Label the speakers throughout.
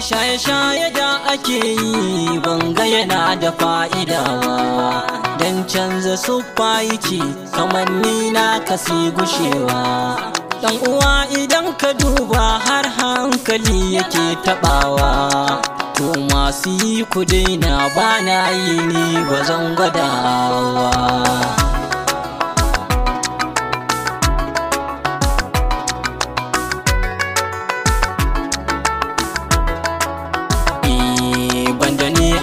Speaker 1: shaye-shaye da ake yi banga yana da fa'ida ba don canza suffa yake kamanni na kasi gushewa dan uwa idan ka duba har hankali yake taɓawa to masu yi ku daina ba na yi ni ba gwadawa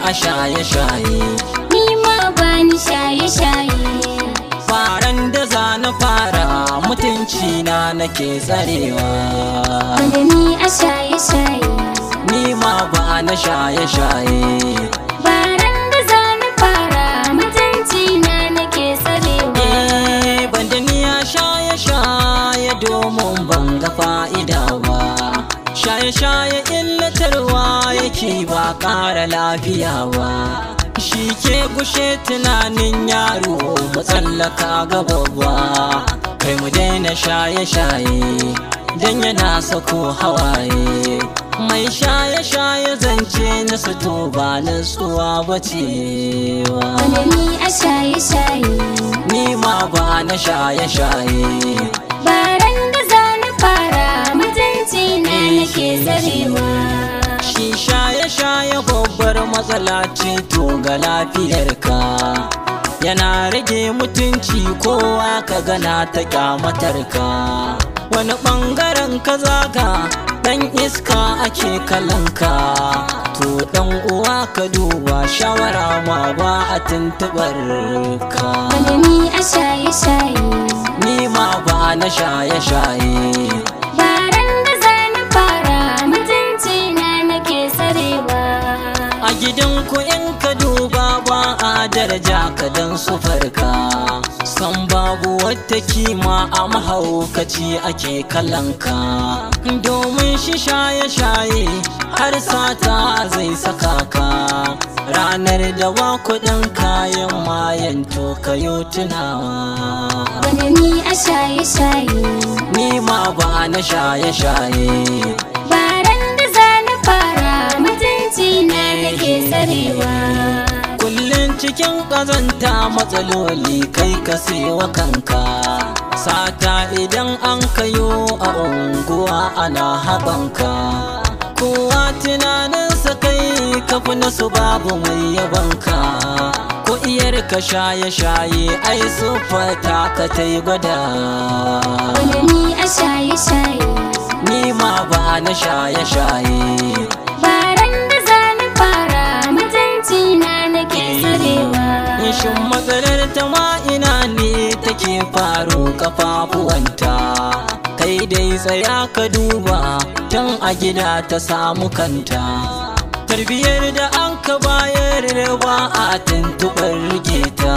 Speaker 1: a shaye-shaye
Speaker 2: ni ma ba ni shaye-shaye
Speaker 1: faran da za na fara mutunci na nake tsarewa
Speaker 2: Bada ni a shaye-shaye
Speaker 1: ni ma ba na shaye-shaye shaye-shaye eh, domin ban ga shaye-shaye Shi ba ƙara lafiya ba shi ke gushe tunanin yaro matsallaka ga babba kai mu daina shaye-shaye Dan yana sako hawaye mai shaye-shaye zance na sato ba ba ce wa
Speaker 2: ni a shaye-shaye
Speaker 1: ni ma ba na shaye-shaye
Speaker 2: baran da za na fara mutunci na nake zarewa
Speaker 1: bar matsalaci to ga lafiyar ka? yana rage mutunci kowa ka gana ta kyamatarka wani ɓangaren ka zaga ɗan iska ake kalanka to ɗan uwa ka duba shawara ma ba a tuntubar ka ni ma ba na shaye-shaye daraja ka dan su farka san babu wata kima a mahaukaci ake kalanka domin shi shaye-shaye har sata zai saka ka ranar da wa kudin kayan mayan to yi tunawa
Speaker 2: wani ni a shaye-shaye
Speaker 1: ni ma ba na shaye-shaye
Speaker 2: baran da za na fara mutunci na nake sarewa
Speaker 1: cikin ƙazanta matsaloli kai ka wa kanka sata idan an kayo a unguwa ana haɓanka kowa tunaninsa kai kafi na su babu mai yabanka ko iyar ka shaye-shaye ai su fata ka ta yi gwada ni
Speaker 2: a shaye-shaye
Speaker 1: ni ma ba na shaye-shaye faru kafafuwanta kai dai tsaya ka duba tun a gida ta samu kanta tarbiyyar da an ka bayar ba a tuntuɓar rike ta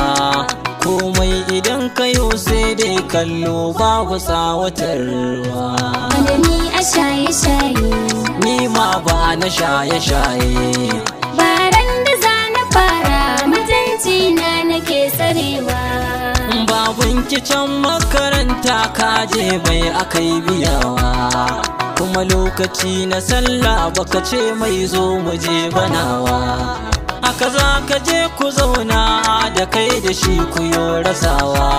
Speaker 1: komai idan ka yi sai dai kallo babu tsawatarwa
Speaker 2: wanda ni a shaye-shaye
Speaker 1: ni ma ba na shaye-shaye
Speaker 2: baran da za na fara mutunci na nake tsarewa
Speaker 1: abinci can makaranta kaje bai aka yi biyawa kuma lokaci na sallah baka ce mai zo muje je banawa haka za ka je ku zauna da kai da shi ku yi rasawa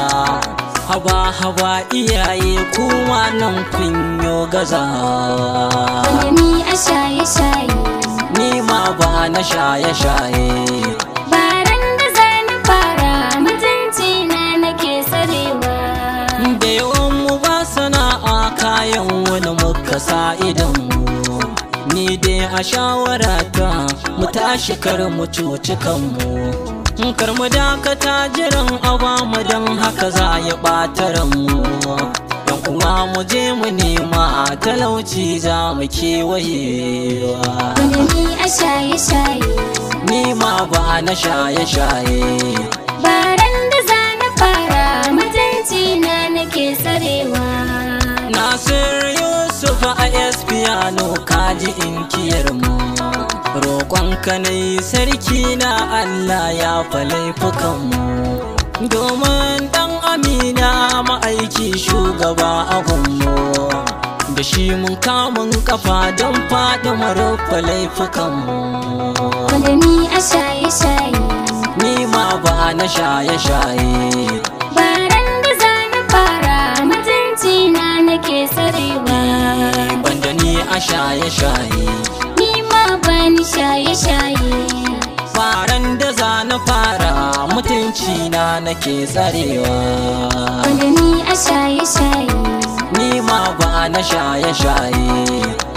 Speaker 1: haba haba iyaye kuma nan kun yi gazawa ni ma ba na shaye shaye sa idanmu ni dai a shawarata mu tashi kar mu cuci kanmu kar mu dakata jiran awa mu don haka za ya ɓata mu don kuma mu je mu nema talauci za mu kewayewa
Speaker 2: ni a shaye-shaye
Speaker 1: ni ma ba na shaye-shaye na kano kaji inkiyar mu roƙonka na yi sarki na Allah ya falaifukan mu domin ɗan amina ma'aiki shugaba a gunmu da shi mun kamun kafa don faɗi marufa laifukan mu
Speaker 2: ni a shaye-shaye
Speaker 1: Ni ma ba na shaye-shaye shaye-shaye
Speaker 2: Ni ma bani shaye-shaye
Speaker 1: Faran da za na fara mutunci na nake tsarewa
Speaker 2: Wanda ni a shaye-shaye
Speaker 1: Ni ma ba shaye-shaye